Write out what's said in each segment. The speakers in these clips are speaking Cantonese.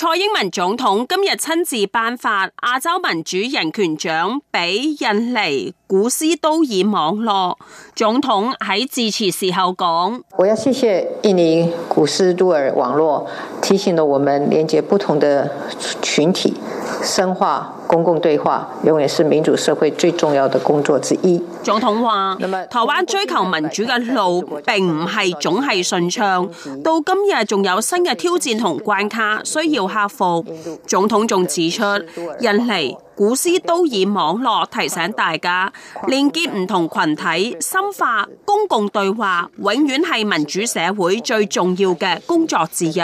蔡英文總統今日親自頒發亞洲民主人權獎俾印尼古斯都爾網絡。總統喺致辭時候講：，我要謝謝印尼古斯都爾網絡，提醒了我們連結不同的群體，深化公共對話，永遠是民主社會最重要的工作之一。總統話：，台灣追求民主嘅路，並唔係總係順暢，到今日仲有新嘅挑戰同關卡，需要。客服總統仲指出，印尼、古斯都以網絡提醒大家，連結唔同群體、深化公共對話，永遠係民主社會最重要嘅工作之一。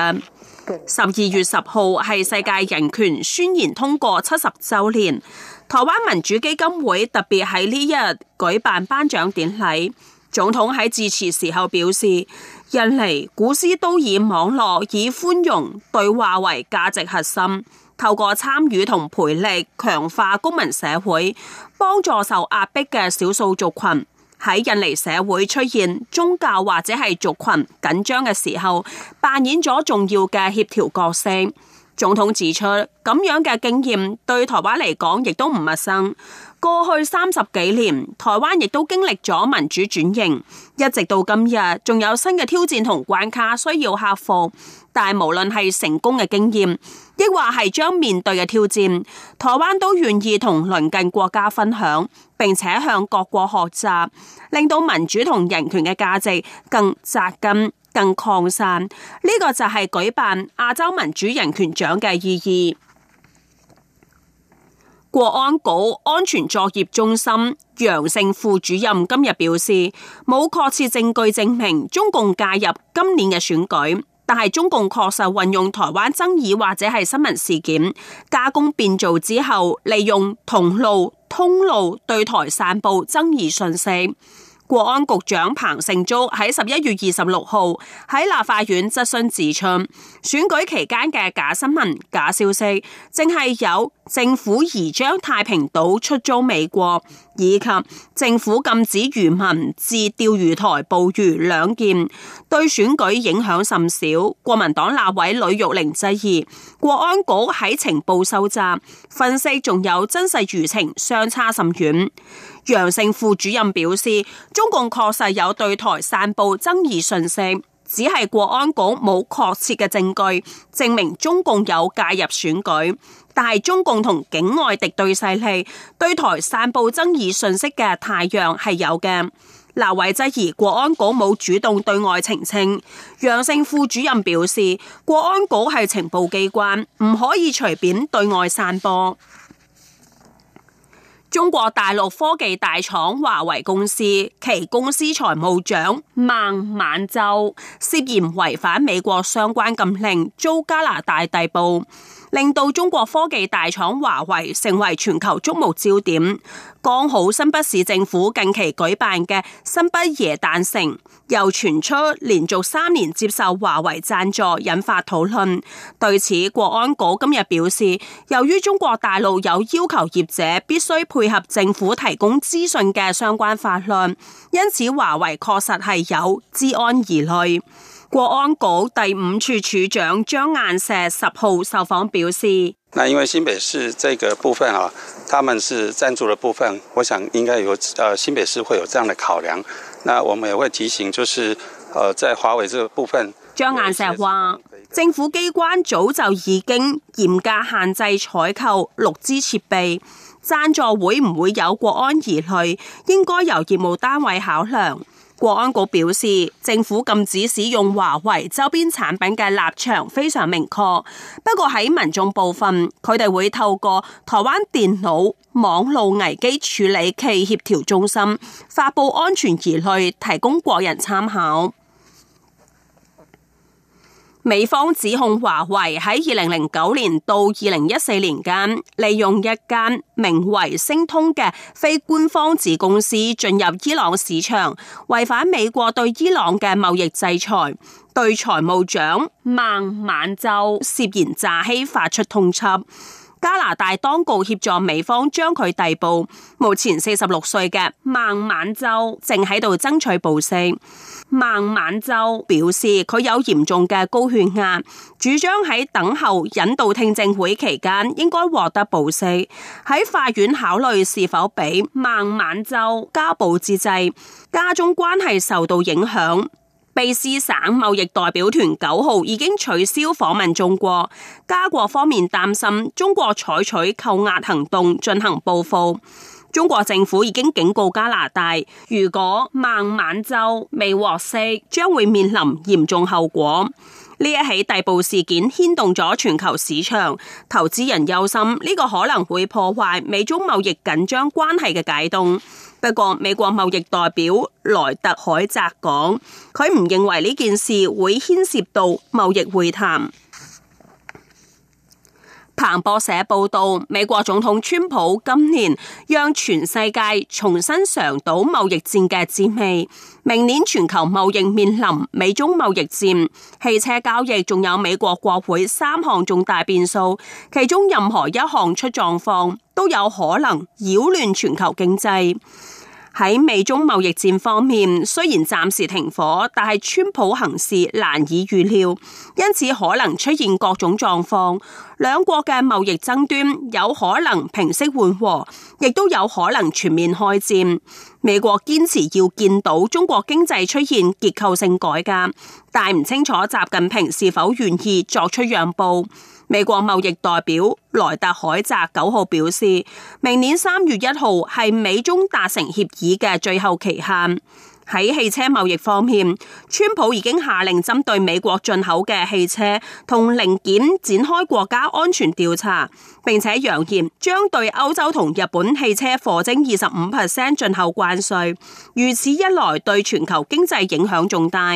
十二月十號係世界人權宣言通過七十周年，台灣民主基金會特別喺呢一日舉辦頒獎典禮。總統喺致辭時候表示。印尼古斯都以網絡以寬容對話為價值核心，透過參與同培力強化公民社會，幫助受壓迫嘅少數族群喺印尼社會出現宗教或者係族群緊張嘅時候，扮演咗重要嘅協調角色。總統指出，咁樣嘅經驗對台灣嚟講亦都唔陌生。過去三十幾年，台灣亦都經歷咗民主轉型，一直到今日，仲有新嘅挑戰同關卡需要克服。但係無論係成功嘅經驗，亦或係將面對嘅挑戰，台灣都願意同鄰近國家分享，並且向各國學習，令到民主同人權嘅價值更扎根、更擴散。呢、這個就係舉辦亞洲民主人權獎嘅意義。國安局安全作業中心楊姓副主任今日表示，冇確切證據證明中共介入今年嘅選舉，但係中共確實運用台灣爭議或者係新聞事件加工變造之後，利用同路通路對台散布爭議訊息。國安局長彭勝竹喺十一月二十六號喺立法院質詢，自稱選舉期間嘅假新聞、假消息，淨係有政府移將太平島出租美國，以及政府禁止漁民自釣魚台捕魚兩件，對選舉影響甚少。國民黨立委呂玉玲質疑國安局喺情報收集，分析仲有真實輿情相差甚遠。楊姓副主任表示，中共確實有對台散布爭議訊息，只係國安局冇確切嘅證據證明中共有介入選舉。但係中共同境外敵對勢力對台散布爭議訊息嘅太陽係有嘅。立委質疑國安局冇主動對外澄清，楊姓副主任表示，國安局係情報機關，唔可以隨便對外散播。中國大陸科技大廠華為公司，其公司財務長孟晚舟涉嫌違反美國相關禁令，遭加拿大逮捕。令到中國科技大廠華為成為全球矚目焦點。剛好新北市政府近期舉辦嘅新北耶誕城，又傳出連續三年接受華為贊助，引發討論。對此，國安局今日表示，由於中國大陸有要求業者必須配合政府提供資訊嘅相關法律，因此華為確實係有資安疑慮。國安局第五處處長張雁石十號受訪表示：那因為新北市這個部分啊，他們是贊助的部分，我想應該有，呃、啊，新北市會有這樣的考量。那我們也會提醒，就是，呃、啊，在華為這個部分，張雁石話，這個、政府機關早就已經嚴格限制採購六 G 設備，贊助會唔會有國安疑慮，應該由業務單位考量。國安局表示，政府禁止使用華為周邊產品嘅立場非常明確。不過喺民眾部分，佢哋會透過台灣電腦網絡危機處理暨協調中心發布安全疑慮，提供國人參考。美方指控華為喺二零零九年到二零一四年間，利用一間名為星通嘅非官方子公司進入伊朗市場，違反美國對伊朗嘅貿易制裁，對財務長孟晚舟涉嫌詐欺發出通緝。加拿大當局協助美方將佢逮捕。目前四十六歲嘅孟晚舟正喺度爭取保釋。孟晚舟表示佢有嚴重嘅高血壓，主張喺等候引渡聽證會期間應該獲得保釋。喺法院考慮是否俾孟晚舟家暴之際，加中關係受到影響。卑詩省貿易代表團九號已經取消訪問中國，加國方面擔心中國採取扣押行動進行報復。中國政府已經警告加拿大，如果孟晚舟未獲釋，將會面臨嚴重後果。呢一起逮捕事件牽動咗全球市場，投資人憂心呢個可能會破壞美中貿易緊張關係嘅解凍。不過，美國貿易代表萊特海澤講，佢唔認為呢件事會牽涉到貿易會談。彭博社報道，美國總統川普今年讓全世界重新嘗到貿易戰嘅滋味。明年全球貿易面臨美中貿易戰、汽車交易，仲有美國國會三項重大變數，其中任何一項出狀況，都有可能擾亂全球經濟。喺美中貿易戰方面，雖然暫時停火，但係川普行事難以預料，因此可能出現各種狀況。兩國嘅貿易爭端有可能平息緩和，亦都有可能全面開戰。美國堅持要見到中國經濟出現結構性改革，但唔清楚習近平是否願意作出讓步。美國貿易代表萊特海澤九號表示，明年三月一號係美中達成協議嘅最後期限。喺汽車貿易方面，川普已經下令針對美國進口嘅汽車同零件展開國家安全調查，並且揚言將對歐洲同日本汽車課徵二十五 percent 進口關稅。如此一來，對全球經濟影響重大。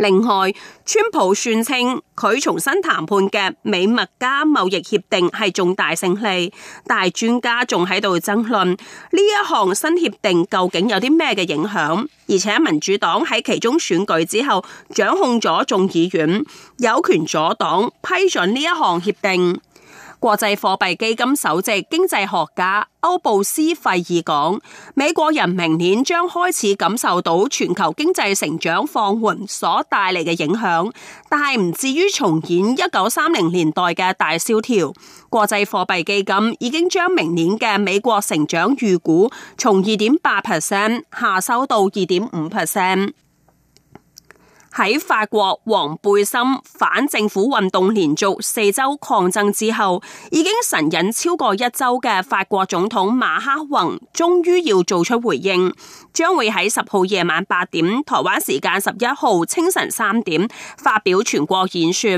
另外，川普宣稱佢重新談判嘅美墨加貿易協定係重大勝利，但係專家仲喺度爭論呢一項新協定究竟有啲咩嘅影響，而且民主黨喺期中選舉之後掌控咗眾議院，有權阻擋批准呢一項協定。國際貨幣基金首席經濟學家歐布斯費爾講，美國人明年將開始感受到全球經濟成長放緩所帶嚟嘅影響，但係唔至於重演一九三零年代嘅大蕭條。國際貨幣基金已經將明年嘅美國成長預估從二點八 percent 下修到二點五 percent。喺法國黃背心反政府運動連續四周抗爭之後，已經神隱超過一周嘅法國總統馬克宏，終於要做出回應，將會喺十號夜晚八點台灣時間十一號清晨三點發表全國演說。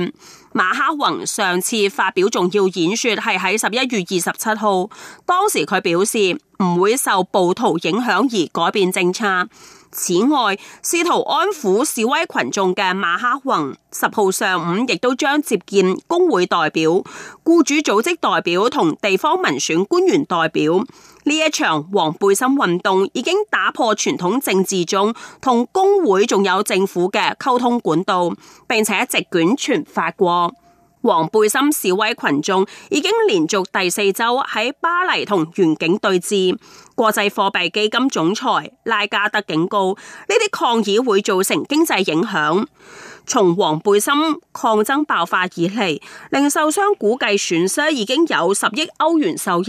馬克宏上次發表重要演說係喺十一月二十七號，當時佢表示唔會受暴徒影響而改變政策。此外，試圖安撫示威群眾嘅馬克宏，十號上午亦都將接見工會代表、雇主組織代表同地方民選官員代表。呢一場黃背心運動已經打破傳統政治中同工會仲有政府嘅溝通管道，並且席捲全法國。黃背心示威群眾已經連續第四周喺巴黎同憲警對峙。國際貨幣基金總裁拉加德警告，呢啲抗議會造成經濟影響。從黃背心抗爭爆發以嚟，零售商估計損失已經有十億歐元收入，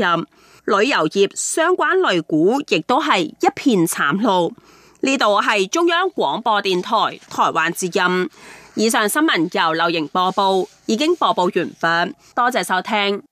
旅遊業相關類股亦都係一片慘路。呢度係中央廣播電台，台灣之音。以上新聞由劉盈播報，已經播報完畢，多謝收聽。